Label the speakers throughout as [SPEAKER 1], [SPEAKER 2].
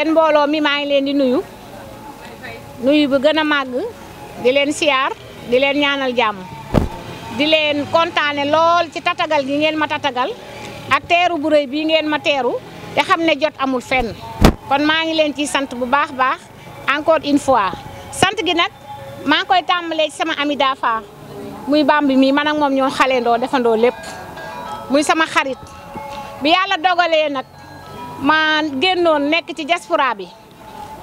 [SPEAKER 1] yéen mbooloo mi maa ngi leen di nuyu nuyu bu gën a màgg di leen siyaar di leen ñaanal jàmm di leen kontaane lool ci tatagal gi ngeen ma tatagal ak teeru bu rëy bii ngeen ma teeru te xam ne jot amul fenn kon maa ngi leen ciy sant bu baax baax encore une fois sant gi nag maa koy tàmbalee ci sama ami Dafa muy Bambi mii man ak moom ñoo xaleendoo defandoo lépp muy sama xarit bi yàlla dogalee nag. ma génnoon nekk ci diaspora bi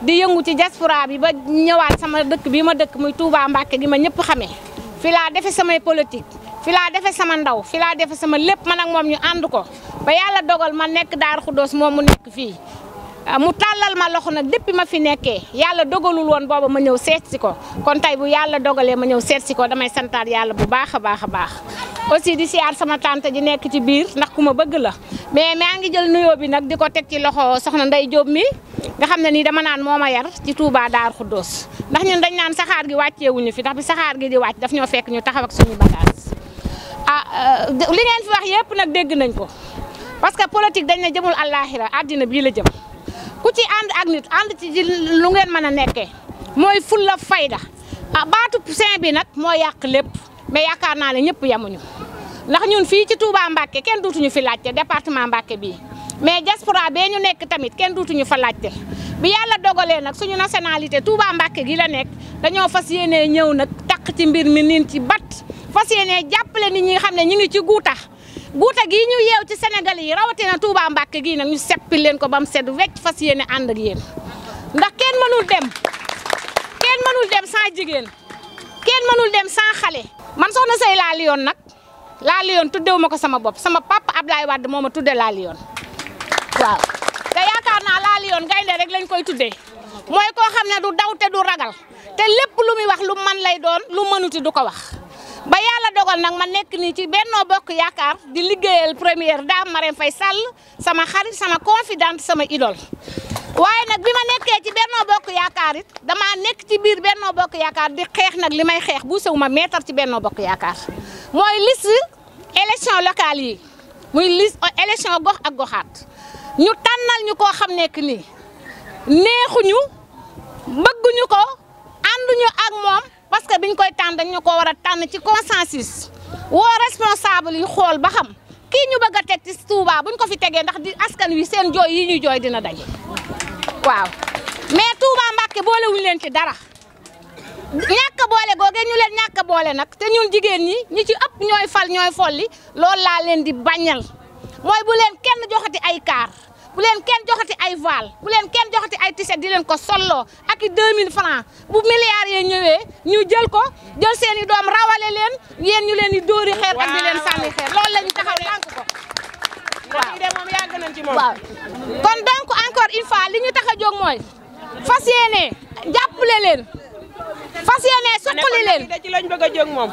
[SPEAKER 1] di yëngu ci diaspora bi ba ñëwaat sama dëkk bii ma dëkk muy Touba Mbacke gi ma ñëpp xamee fi laa defe samay politique fi laa defe sama ndaw fi laa defe sama lépp man ak moom ñu ànd ko ba yàlla dogal ma nekk Daaru Xuddoos moom mu nekk fii ah, mu tàllal ma loxo nag depuis ma fi nekkee yàlla dogalul woon booba ma ñëw seet si ko kon tey bu yàlla dogalee ma ñëw seet si ko damay santaar yàlla bu baax a baax a baax aussi di siyaar sama tante ji nekk ci biir ndax ku ma bëgg la mais maa ngi jël nuyoo bi nag di ko teg ci loxo soxna nday Jóob mi nga xam ne nii dama naan moo ma yar ci daar Daaru doos ndax ñun dañ naan saxaar gi wàcceewuñu fi ndax bi saxaar gi di wàcc daf ñoo fekk ñu taxaw ak suñu bagage ah euh, li fi wax yëpp nag dégg nañ ko parce que politique dañ ne jëmul àllaaxira àddina bii la jëm ku ci ànd ak nit ànd ci lu ngeen mën a nekkee mooy fulla fayda ah bi nag moo yàq lépp mais yaakaar naa ne ñëpp yemuñu ndax ñun fii ci Touba Mbacké kenn duutuñu fi laajte département Mbacké bii mais diaspora bee ñu nekk tamit kenn duutuñu fa laajte bi yàlla dogalee nag suñu nationalité Touba Mbacké gi la nekk dañoo fas yéenee ñëw nag takk ci mbir mi niin ci bat fas yéenee jàppale ni ñi xam ne ñu ngi ci guuta guuta gii ñu yeew ci Sénégal yi rawatina Touba Mbacké gii nag ñu seppi leen ko ba mu sedd wecc fas yéene ànd ak yéen ndax kenn mënul dem kenn mënul dem sans jigéen kenn mënul dem xale man soxna say laa nag La Lion tuddewu ko sama bopp sama papp Ablaye Wade moo ma tudde La Lion waaw te yaakaar naa La Lion gaynde rek lañ koy tuddee mooy koo xam ne du daw te du ragal te lépp lu muy wax lu man lay doon lu mënuti du ko wax ba yàlla dogal nag ma nekk nii ci Benno Bokk Yaakaar di liggéeyal première dame Marème fay sàll sama xarit sama confidente sama idole waaye nag bi ma nekkee ci Benno Bokk Yaakaar it damaa nekk ci biir Benno Bokk Yaakaar di xeex nag li may xeex bu sew ma meetar ci Benno Bokk Yaakaar mooy liste élection locale yi muy liste élection gox ak goxaat ñu tànnal ñu koo xam nekk nii neexuñu bëgguñu ko ànduñu ak moom parce que biñ koy tànn dañu ko war a tànn ci consensus woo responsable yi xool ba xam kii ñu bëgg a teg ci Touba buñ ko fi tegee ndax di askan wi seen jooy yi ñuy joo dina daje. waaw mais Touba Mbacké boolewuñu leen ci dara ñàkk boole googe ñu leen ñàkk boole nag te ñun jigéen ñi ñi ci ëpp ñooy fal ñooy folli loolu laa leen di bañal mooy bu leen kenn joxati ay kaar bu leen kenn joxati ay vaal bu leen kenn joxati ay tiset di leen ko solloo aki i 2000 francs bu milliards yee ñëwee ñu jël ko jël seen i doom rawale leen yéen ñu leen di dóori xeer ak di leen sànni xeer loolu lañu taxaw lànk waaw kon donc encore une fois tax a jóg mooy fas yéene jàppale leen fas yéene suqali leen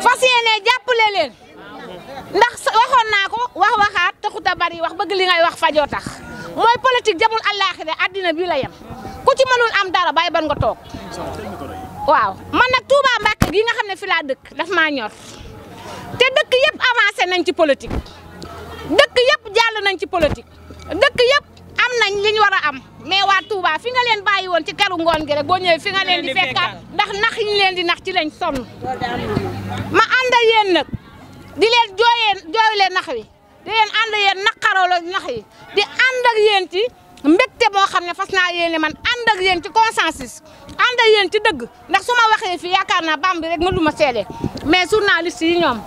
[SPEAKER 1] fas yéene jàppale leen ndax waxoon naa ko wax waxaat taxut a bari wax bëgg li ngay wax fajoo tax mooy politique jamul àllaaxira addina bii la yem ku ci am dara bàyyi ban nga toog waaw man nag Touba Mbacke gi nga xam ne fi laa dëkk daf maa ñor te dëkk yëpp avancé nañ ci politique dëkk yëpp jàll nañ ci politique dëkk yëpp am nañ li ñu am mais waa Touba fi nga leen bàyyi woon ci keru ngoon gi rek boo ñëwee fi nga leen di fekkaat ndax nax ñu leen di nax ci lañ sonn ma ànd ak yéen di leen jooyee nax wi di leen ànd yéen naqaroo la nax yi di ànd ak yéen ci mbégte moo xam ne fas naa yéene man ànd yeen yéen ci consensus ànd ak yéen ci dëgg ndax su ma waxee fii yaakaar naa bam bi rek ma seede mais journaliste yi ñoom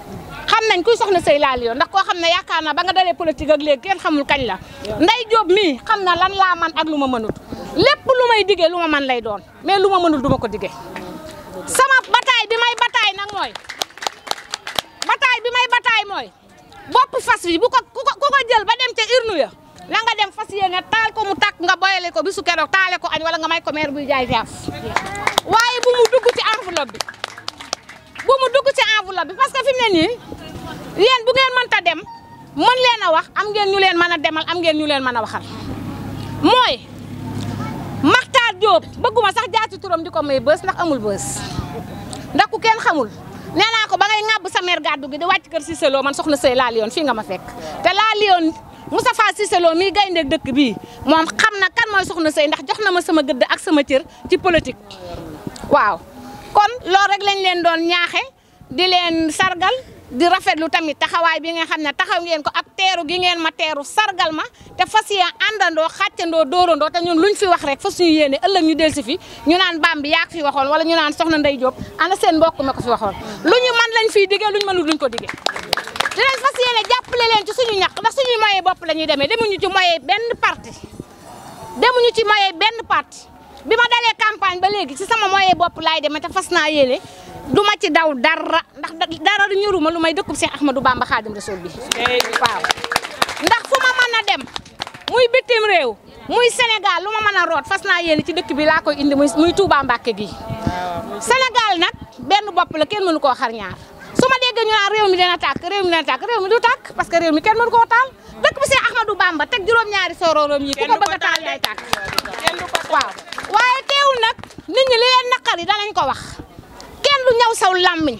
[SPEAKER 1] xam nañ kuy soxna sëy laal yoon ndax koo xam ne yaakaar naa ba nga dalee politique ak léegi kenn xamul kañ la nday Jóob mii xam na lan laa man ak lu ma mënut lépp lu may digee lu ma man lay doon mais lu ma mënul du ma ko digee sama bataay bi may bataay nag mooy bataay bi may bataay mooy bopp fas wi bu ko ku ko jël ba dem ca urne ya la nga dem fas yéene taal ko mu tàkk nga boyale ko bi bisu keroog taale ko añ wala nga may ko maire buy jaay jaaf waaye bu mu dugg ci enveloppe bu mu yéen bu ngeen mënta dem mën leen a wax am ngeen ñu leen mën a demal am ngeen ñu leen mën a waxal mooy Makhtar Diop bëgguma sax jaar ci turam di ko may bës ndax amul bës ndax ku kenn xamul nee ko ba ngay ŋàbb sa mère gàddu gi di wàcc kër si Lo man soxna Sey laa yoon fii nga ma fekk te laa liyoon Moustapha si Lo mii gaynde dëkk bii moom xam na kan mooy soxna Sey ndax jox na ma sama gëdd ak sama cër ci politique waaw kon loolu rek lañ leen doon ñaaxe di leen sargal di rafetlu tamit taxawaay bii nga xam ne taxaw ngeen ko ak teeru gi ngeen ma teeru sargal ma te fas yéen àndandoo xàccandoo dóorandoo te ñun luñ fi wax rek fas ñu yéene ëllëg ñu dellu si fi ñu naan bam bi yaak fi waxoon wala ñu naan soxna Ndey Diop ana seen mbokk ma ko fi waxoon lu ñu man lañ fiy digee luñ mënul duñ ko digee di leen fas yéene jàppale leen ci suñu ñaq ndax suñuy bopp la ñuy demee demuñu ci moyee benn parti demuñu ci moyee benn parti bi ma dalee campagne ba léegi ci sama moyee bopp laay demee te fas naa yéene du ma ci daw dara ndax dara du ñoruma lu may dëkkub Cheikh Ahmadou Bamba Khadim Rasoul bi waaw ndax fu ma mën a dem muy bitim réew muy Sénégal lu ma mën a root fas naa yéene ci dëkk bi laa koy indi muy muy Touba Mbacke gi Sénégal nag benn bopp la kenn mënu koo xar ñaar su ma déggee ñu naan réew mi dina tàkk réew réew mi du tàkk parce que réew mi kenn mënu taal dëkk bi Cheikh Ahmadou Bamba teg juróom-ñaari soroorom yi ku ko bëgg a taal day tàkk waaw waaye teewul nag nit ñi li leen naqar yi danañ ko wax kenn du ñaw saw làmmiñ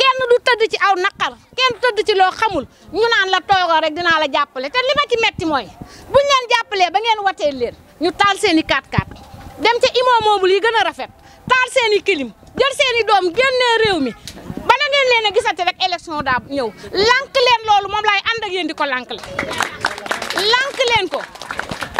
[SPEAKER 1] kenn du tëdd ci aw naqar kenn du ci loo xamul ñu naan la toogoo rek dinaa la jàppale te li ma metti mooy buñ leen jàppalee ba ngeen watee leen ñu taal seen i 4x4 dem ca imoo moomul yi gën a rafet taal seen i kilim jël seen i doom génnee réew mi ba na ngeen leen a gisante rek élection daa ñëw lànk leen loolu moom laay ànd ak di ko lànk la ko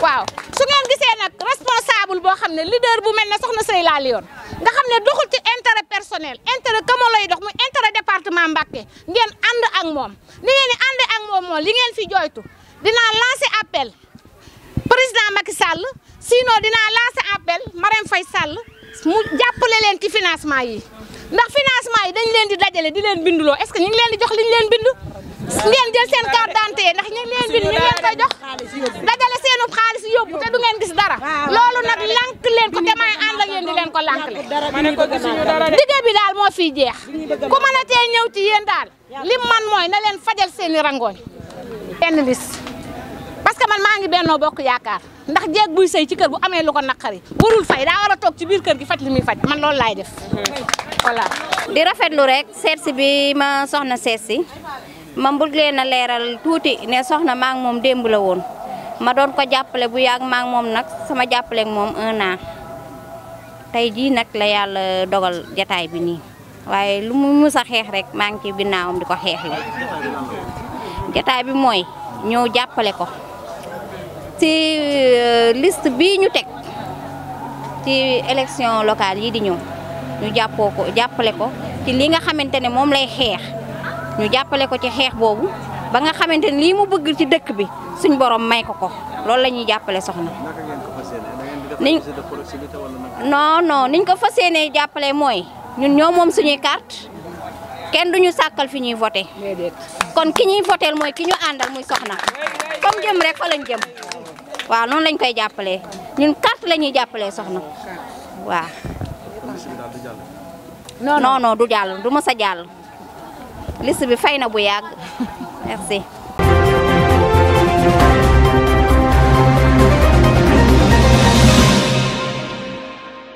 [SPEAKER 1] waaw su ngeen gisee nag responsable boo xam ne leader bu mel ne soxna Sey laa li yoon nga xam ne doxul ci intérêt personnel intérêt kama lay dox muy intérêt département Mbacké ngeen ànd ak moom li ngeen di ànd ak moom moom fi jooytu dinaa lancer appel président Macky Sall sinon dinaa lancer appel Marème fay Sall mu jàppale leen ci financement yi ndax financement yi dañ leen di dajale di leen binduloo est-ce que ñu leen di jox li ñu leen bind ngeen jël seen carte d'identité ndax ñu leen bind ñu leen jox dajale seenub xaalis yóbbu te du ngeen gis dara loolu nag lànk leen ko te may ànd ak yéen ko lànk leen liggéey bi daal moo fiy jeex ku mën a tee ñëw ci yéen daal lim man mooy na leen fajal seen i rangooñ benn bis parce que man maa ngi bennoo bokk yaakaar ndax jeeg buy sëy ci kër bu amee lu ko naqari warul fay daa war a toog ci biir kër gi faj li muy faj man loolu laay def
[SPEAKER 2] voilà rafet lu rek seet si bi ma soxna seet si ma mbug leen a leeral tuuti ne soxna maa ngi moom démb la woon ma doon ko jàppale bu yàgg maa moom nag sama jàppale moom un an tey jii nag la yàlla dogal jataay bi nii waaye lu mu mus a xeex rek maa ngi ci ginnaawam di ko xeex la jataay bi mooy ñëw jàppale ko ci euh, list bi ñu teg ci election locale yi di ñëw ñu jàppoo ko jàppale ko ci li nga xamante ne moom lay xeex ñu jàppale ko ci xeex boobu ba nga xamante lii mu bëgg ci dëkk bi suñ borom may ko ko loolu la ñuy jàppale soxna. niñ non niñ ko fas yéenee jàppale mooy ñun ñoo moom suñuy kart kenn du ñu sàkkal fi ñuy voté kon ki ñuy voté mooy ki ñu àndal muy soxna comme jëm rek fa lañ jëm waaw noonu lañ koy jàppale ñun carte lañuy jàppale jàppalee soxna waaw non du jàll du mës a jàll liste bi fay na bu yàgg merci